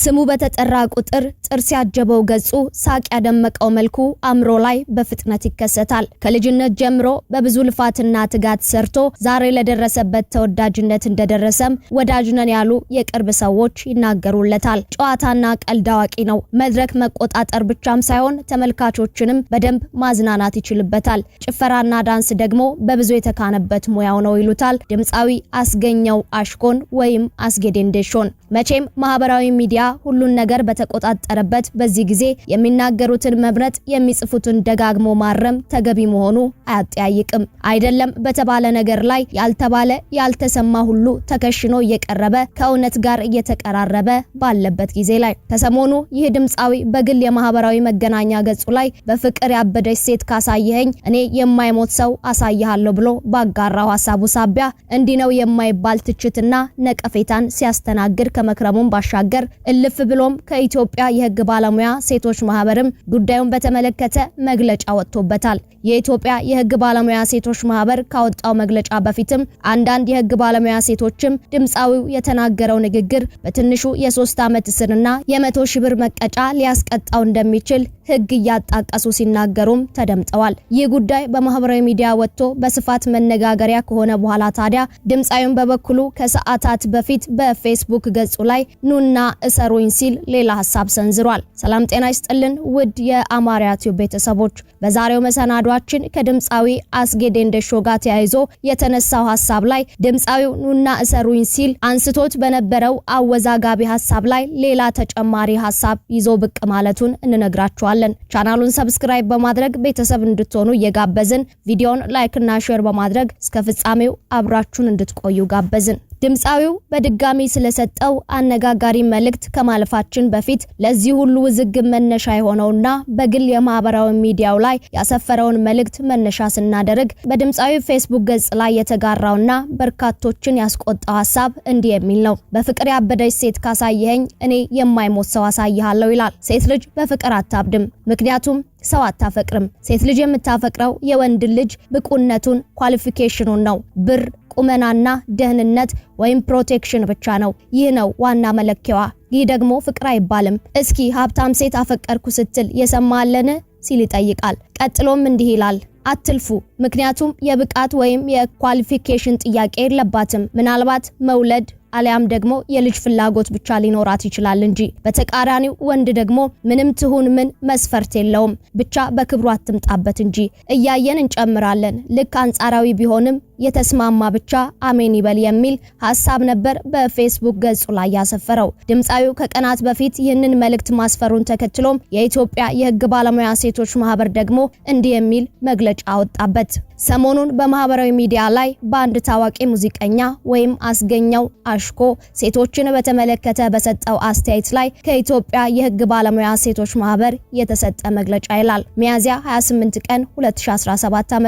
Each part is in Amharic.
ስሙ በተጠራ ቁጥር ጥርስ ያጀበው ገጹ፣ ሳቅ ያደመቀው መልኩ አእምሮ ላይ በፍጥነት ይከሰታል። ከልጅነት ጀምሮ በብዙ ልፋትና ትጋት ሰርቶ ዛሬ ለደረሰበት ተወዳጅነት እንደደረሰም ወዳጅ ነን ያሉ የቅርብ ሰዎች ይናገሩለታል። ጨዋታና ቀልድ አዋቂ ነው። መድረክ መቆጣጠር ብቻም ሳይሆን ተመልካቾችንም በደንብ ማዝናናት ይችልበታል። ጭፈራና ዳንስ ደግሞ በብዙ የተካነበት ሙያው ነው ይሉታል ድምፃዊ አስገኘው አሽኮን ወይም አስጌ ዴንዴሾን። መቼም ማህበራዊ ሚዲያ ሚዲያ ሁሉን ነገር በተቆጣጠረበት በዚህ ጊዜ የሚናገሩትን መምረጥ፣ የሚጽፉትን ደጋግሞ ማረም ተገቢ መሆኑ አያጠያይቅም። አይደለም በተባለ ነገር ላይ ያልተባለ ያልተሰማ ሁሉ ተከሽኖ እየቀረበ ከእውነት ጋር እየተቀራረበ ባለበት ጊዜ ላይ ከሰሞኑ ይህ ድምፃዊ በግል የማህበራዊ መገናኛ ገጹ ላይ በፍቅር ያበደች ሴት ካሳየኸኝ እኔ የማይሞት ሰው አሳይሃለሁ ብሎ ባጋራው ሀሳቡ ሳቢያ እንዲህ ነው የማይባል ትችትና ነቀፌታን ሲያስተናግድ ከመክረሙን ባሻገር እልፍ ብሎም ከኢትዮጵያ የህግ ባለሙያ ሴቶች ማህበርም ጉዳዩን በተመለከተ መግለጫ ወጥቶበታል። የኢትዮጵያ የህግ ባለሙያ ሴቶች ማህበር ካወጣው መግለጫ በፊትም አንዳንድ የህግ ባለሙያ ሴቶችም ድምፃዊው የተናገረው ንግግር በትንሹ የሶስት ዓመት እስርና የመቶ ሺህ ብር መቀጫ ሊያስቀጣው እንደሚችል ህግ እያጣቀሱ ሲናገሩም ተደምጠዋል። ይህ ጉዳይ በማህበራዊ ሚዲያ ወጥቶ በስፋት መነጋገሪያ ከሆነ በኋላ ታዲያ ድምፃዊውን በበኩሉ ከሰዓታት በፊት በፌስቡክ ገጹ ላይ ኑና እስ ሰሩኝ ሲል ሌላ ሀሳብ ሰንዝሯል። ሰላም ጤና ይስጥልን ውድ የአማርያ ቲዩብ ቤተሰቦች፣ በዛሬው መሰናዷችን ከድምፃዊ አስጌ ዴንደሾ ጋር ተያይዞ የተነሳው ሀሳብ ላይ ድምፃዊው ኑና እሰሩኝ ሲል አንስቶት በነበረው አወዛጋቢ ሀሳብ ላይ ሌላ ተጨማሪ ሀሳብ ይዞ ብቅ ማለቱን እንነግራችኋለን። ቻናሉን ሰብስክራይብ በማድረግ ቤተሰብ እንድትሆኑ እየጋበዝን ቪዲዮን ላይክና ሼር በማድረግ እስከ ፍጻሜው አብራችሁን እንድትቆዩ ጋበዝን። ድምፃዊው በድጋሚ ስለሰጠው አነጋጋሪ መልእክት ከማለፋችን በፊት ለዚህ ሁሉ ውዝግብ መነሻ የሆነውና በግል የማህበራዊ ሚዲያው ላይ ያሰፈረውን መልእክት መነሻ ስናደርግ በድምፃዊ ፌስቡክ ገጽ ላይ የተጋራውና በርካቶችን ያስቆጣው ሀሳብ እንዲህ የሚል ነው። በፍቅር ያበደች ሴት ካሳየኸኝ እኔ የማይሞት ሰው አሳይሃለሁ ይላል። ሴት ልጅ በፍቅር አታብድም፣ ምክንያቱም ሰው አታፈቅርም። ሴት ልጅ የምታፈቅረው የወንድ ልጅ ብቁነቱን ኳሊፊኬሽኑን ነው ብር ቁመናና ደህንነት ወይም ፕሮቴክሽን ብቻ ነው። ይህ ነው ዋና መለኪያዋ። ይህ ደግሞ ፍቅር አይባልም። እስኪ ሀብታም ሴት አፈቀርኩ ስትል የሰማለን ሲል ይጠይቃል። ቀጥሎም እንዲህ ይላል አትልፉ፣ ምክንያቱም የብቃት ወይም የኳሊፊኬሽን ጥያቄ የለባትም። ምናልባት መውለድ አሊያም ደግሞ የልጅ ፍላጎት ብቻ ሊኖራት ይችላል እንጂ በተቃራኒው ወንድ ደግሞ ምንም ትሁን ምን መስፈርት የለውም፣ ብቻ በክብሩ አትምጣበት እንጂ እያየን እንጨምራለን። ልክ አንጻራዊ ቢሆንም የተስማማ ብቻ አሜን ይበል የሚል ሀሳብ ነበር በፌስቡክ ገጹ ላይ ያሰፈረው። ድምፃዊው ከቀናት በፊት ይህንን መልእክት ማስፈሩን ተከትሎም የኢትዮጵያ የህግ ባለሙያ ሴቶች ማህበር ደግሞ እንዲህ የሚል መግለጫ አወጣበት። ሰሞኑን በማህበራዊ ሚዲያ ላይ በአንድ ታዋቂ ሙዚቀኛ ወይም አስገኘው ሻሽኮ ሴቶችን በተመለከተ በሰጠው አስተያየት ላይ ከኢትዮጵያ የህግ ባለሙያ ሴቶች ማህበር የተሰጠ መግለጫ ይላል። ሚያዝያ 28 ቀን 2017 ዓ.ም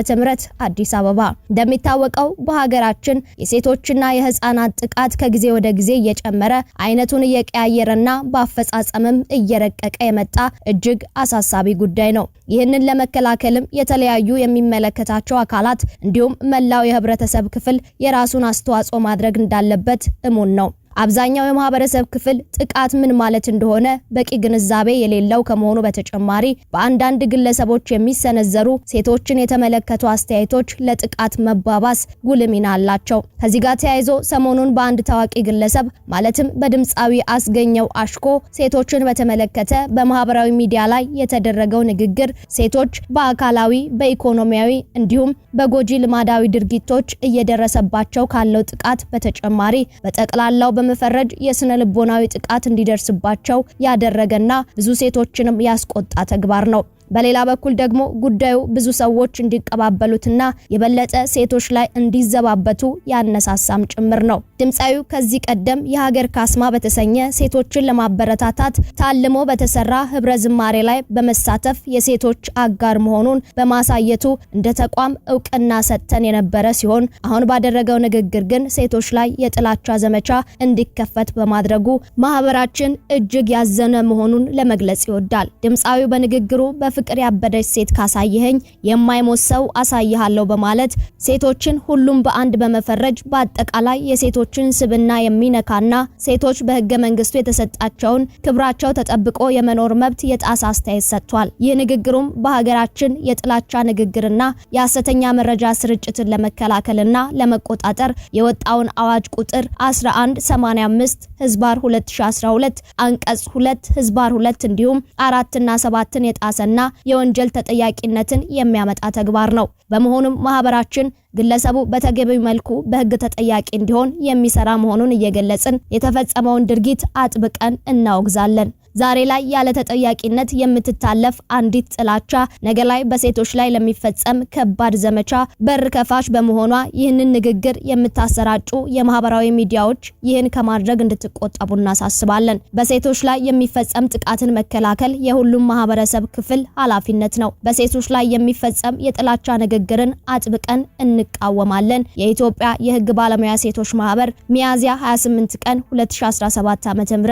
አዲስ አበባ። እንደሚታወቀው በሀገራችን የሴቶችና የህፃናት ጥቃት ከጊዜ ወደ ጊዜ እየጨመረ አይነቱን እየቀያየረና በአፈጻጸምም እየረቀቀ የመጣ እጅግ አሳሳቢ ጉዳይ ነው። ይህንን ለመከላከልም የተለያዩ የሚመለከታቸው አካላት እንዲሁም መላው የህብረተሰብ ክፍል የራሱን አስተዋጽኦ ማድረግ እንዳለበት እሙን ነው። አብዛኛው የማህበረሰብ ክፍል ጥቃት ምን ማለት እንደሆነ በቂ ግንዛቤ የሌለው ከመሆኑ በተጨማሪ በአንዳንድ ግለሰቦች የሚሰነዘሩ ሴቶችን የተመለከቱ አስተያየቶች ለጥቃት መባባስ ጉልህ ሚና አላቸው። ከዚህ ጋር ተያይዞ ሰሞኑን በአንድ ታዋቂ ግለሰብ ማለትም በድምፃዊ አስገኘው አሽኮ ሴቶችን በተመለከተ በማህበራዊ ሚዲያ ላይ የተደረገው ንግግር ሴቶች በአካላዊ፣ በኢኮኖሚያዊ እንዲሁም በጎጂ ልማዳዊ ድርጊቶች እየደረሰባቸው ካለው ጥቃት በተጨማሪ በጠቅላላው በመፈረጅ የስነ ልቦናዊ ጥቃት እንዲደርስባቸው ያደረገና ብዙ ሴቶችንም ያስቆጣ ተግባር ነው። በሌላ በኩል ደግሞ ጉዳዩ ብዙ ሰዎች እንዲቀባበሉትና የበለጠ ሴቶች ላይ እንዲዘባበቱ ያነሳሳም ጭምር ነው። ድምፃዊው ከዚህ ቀደም የሀገር ካስማ በተሰኘ ሴቶችን ለማበረታታት ታልሞ በተሰራ ህብረ ዝማሬ ላይ በመሳተፍ የሴቶች አጋር መሆኑን በማሳየቱ እንደ ተቋም እውቅና ሰጥተን የነበረ ሲሆን አሁን ባደረገው ንግግር ግን ሴቶች ላይ የጥላቻ ዘመቻ እንዲከፈት በማድረጉ ማህበራችን እጅግ ያዘነ መሆኑን ለመግለጽ ይወዳል። ድምፃዊው በንግግሩ በፍ በፍቅር ያበደች ሴት ካሳየኸኝ የማይሞት ሰው አሳይሃለሁ በማለት ሴቶችን ሁሉም በአንድ በመፈረጅ በአጠቃላይ የሴቶችን ስብና የሚነካና ሴቶች በህገ መንግስቱ የተሰጣቸውን ክብራቸው ተጠብቆ የመኖር መብት የጣሰ አስተያየት ሰጥቷል። ይህ ንግግሩም በሀገራችን የጥላቻ ንግግርና የሐሰተኛ መረጃ ስርጭትን ለመከላከልና ለመቆጣጠር የወጣውን አዋጅ ቁጥር 1185 ህዝባር 2012 አንቀጽ 2 ህዝባር 2 እንዲሁም አራትና ሰባትን የጣሰና የወንጀል ተጠያቂነትን የሚያመጣ ተግባር ነው። በመሆኑም ማህበራችን ግለሰቡ በተገቢ መልኩ በሕግ ተጠያቂ እንዲሆን የሚሰራ መሆኑን እየገለጽን የተፈጸመውን ድርጊት አጥብቀን እናወግዛለን። ዛሬ ላይ ያለ ተጠያቂነት የምትታለፍ አንዲት ጥላቻ ነገ ላይ በሴቶች ላይ ለሚፈጸም ከባድ ዘመቻ በር ከፋሽ በመሆኗ ይህንን ንግግር የምታሰራጩ የማህበራዊ ሚዲያዎች ይህን ከማድረግ እንድትቆጠቡ እናሳስባለን። በሴቶች ላይ የሚፈጸም ጥቃትን መከላከል የሁሉም ማህበረሰብ ክፍል ኃላፊነት ነው። በሴቶች ላይ የሚፈጸም የጥላቻ ንግግርን አጥብቀን እንቃወማለን። የኢትዮጵያ የህግ ባለሙያ ሴቶች ማህበር ሚያዝያ 28 ቀን 2017 ዓ.ም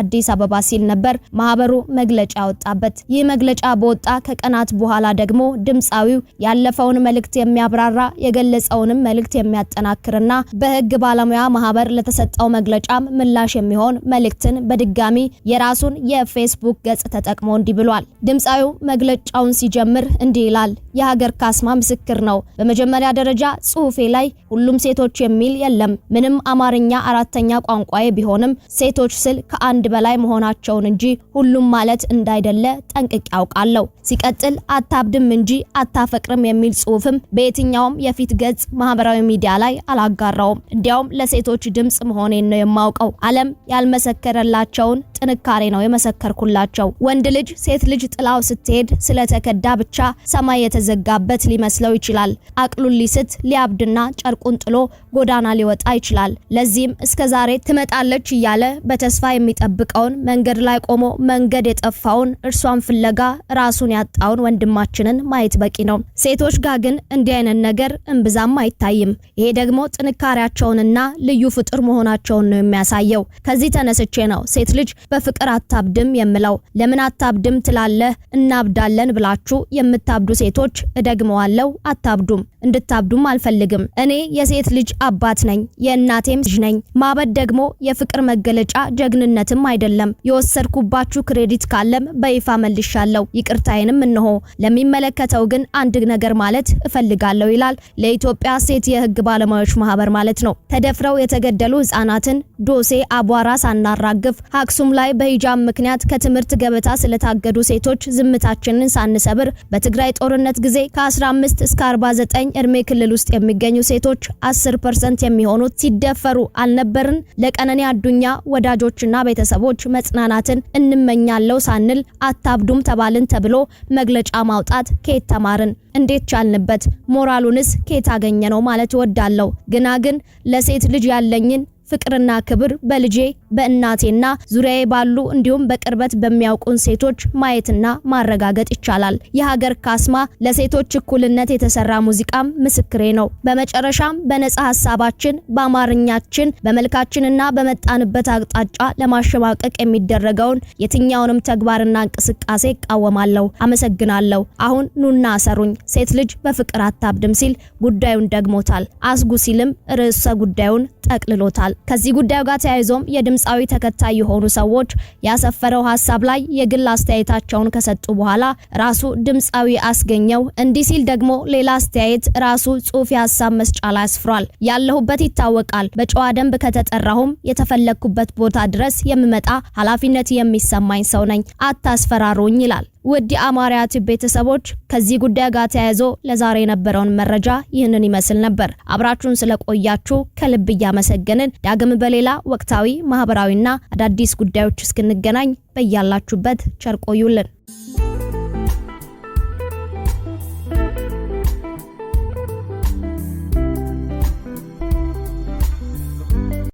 አዲስ አበባ ሲል ነበር። ነበር ማህበሩ መግለጫ ያወጣበት። ይህ መግለጫ በወጣ ከቀናት በኋላ ደግሞ ድምፃዊው ያለፈውን መልእክት የሚያብራራ የገለጸውንም መልእክት የሚያጠናክርና በህግ ባለሙያ ማህበር ለተሰጠው መግለጫም ምላሽ የሚሆን መልእክትን በድጋሚ የራሱን የፌስቡክ ገጽ ተጠቅሞ እንዲህ ብሏል። ድምፃዊው መግለጫውን ሲጀምር እንዲህ ይላል። የሀገር ካስማ ምስክር ነው። በመጀመሪያ ደረጃ ጽሁፌ ላይ ሁሉም ሴቶች የሚል የለም። ምንም አማርኛ አራተኛ ቋንቋዬ ቢሆንም ሴቶች ስል ከአንድ በላይ መሆናቸውን እንጂ እንጂ ሁሉም ማለት እንዳይደለ ጠንቅቄ ያውቃለሁ። ሲቀጥል አታብድም እንጂ አታፈቅርም የሚል ጽሁፍም በየትኛውም የፊት ገጽ ማህበራዊ ሚዲያ ላይ አላጋራውም። እንዲያውም ለሴቶች ድምጽ መሆኔን ነው የማውቀው። ዓለም ያልመሰከረላቸውን ጥንካሬ ነው የመሰከርኩላቸው። ወንድ ልጅ ሴት ልጅ ጥላው ስትሄድ ስለተከዳ ብቻ ሰማይ የተዘጋበት ሊመስለው ይችላል። አቅሉን ሊስት ሊያብድና ጨርቁን ጥሎ ጎዳና ሊወጣ ይችላል። ለዚህም እስከ ዛሬ ትመጣለች እያለ በተስፋ የሚጠብቀውን መንገድ ላይ ቆሞ መንገድ የጠፋውን እርሷን ፍለጋ ራሱን ያጣውን ወንድማችንን ማየት በቂ ነው። ሴቶች ጋ ግን እንዲህ አይነት ነገር እምብዛም አይታይም። ይሄ ደግሞ ጥንካሬያቸውንና ልዩ ፍጡር መሆናቸውን ነው የሚያሳየው። ከዚህ ተነስቼ ነው ሴት ልጅ በፍቅር አታብድም የምለው። ለምን አታብድም ትላለህ? እናብዳለን ብላችሁ የምታብዱ ሴቶች እደግመዋለሁ፣ አታብዱም። እንድታብዱም አልፈልግም። እኔ የሴት ልጅ አባት ነኝ፣ የእናቴም ልጅ ነኝ። ማበድ ደግሞ የፍቅር መገለጫ ጀግንነትም አይደለም። የወሰድኩ የወሰድኩባችሁ ክሬዲት ካለም በይፋ መልሻለሁ፣ ይቅርታዬንም እንሆ። ለሚመለከተው ግን አንድ ነገር ማለት እፈልጋለሁ ይላል ለኢትዮጵያ ሴት የህግ ባለሙያዎች ማህበር ማለት ነው። ተደፍረው የተገደሉ ህጻናትን ዶሴ አቧራ ሳናራግፍ፣ አክሱም ላይ በሂጃብ ምክንያት ከትምህርት ገበታ ስለታገዱ ሴቶች ዝምታችንን ሳንሰብር፣ በትግራይ ጦርነት ጊዜ ከ15 እስከ 49 እድሜ ክልል ውስጥ የሚገኙ ሴቶች 10% የሚሆኑት ሲደፈሩ አልነበርን? ለቀነኔ አዱኛ ወዳጆችና ቤተሰቦች መጽናናትን እንመኛለው ሳንል አታብዱም ተባልን ተብሎ መግለጫ ማውጣት ከየት ተማርን? እንዴት ቻልንበት? ሞራሉንስ ከየት አገኘ ነው ማለት እወዳለሁ። ግና ግን ለሴት ልጅ ያለኝን ፍቅርና ክብር በልጄ በእናቴና ዙሪያዬ ባሉ እንዲሁም በቅርበት በሚያውቁን ሴቶች ማየትና ማረጋገጥ ይቻላል። የሀገር ካስማ ለሴቶች እኩልነት የተሰራ ሙዚቃም ምስክሬ ነው። በመጨረሻም በነጻ ሀሳባችን፣ በአማርኛችን፣ በመልካችንና በመጣንበት አቅጣጫ ለማሸማቀቅ የሚደረገውን የትኛውንም ተግባርና እንቅስቃሴ እቃወማለሁ። አመሰግናለሁ። አሁን ኑና አሰሩኝ። ሴት ልጅ በፍቅር አታብድም ሲል ጉዳዩን ደግሞታል። አስጉ ሲልም ርዕሰ ጉዳዩን ጠቅልሎታል። ከዚህ ጉዳዩ ጋር ተያይዞም የድምፃዊ ተከታይ የሆኑ ሰዎች ያሰፈረው ሀሳብ ላይ የግል አስተያየታቸውን ከሰጡ በኋላ ራሱ ድምፃዊ አስገኘው እንዲህ ሲል ደግሞ ሌላ አስተያየት ራሱ ጽሁፍ የሀሳብ መስጫ ላይ አስፍሯል። ያለሁበት ይታወቃል። በጨዋ ደንብ ከተጠራሁም የተፈለግኩበት ቦታ ድረስ የምመጣ ኃላፊነት የሚሰማኝ ሰው ነኝ። አታስፈራሩኝ ይላል። ውድ የአማርያ ቲዩብ ቤተሰቦች ከዚህ ጉዳይ ጋር ተያይዞ ለዛሬ የነበረውን መረጃ ይህንን ይመስል ነበር። አብራችሁን ስለቆያችሁ ከልብ እያመሰገንን ዳግም በሌላ ወቅታዊ ማህበራዊና አዳዲስ ጉዳዮች እስክንገናኝ በያላችሁበት ቸር ቆዩልን።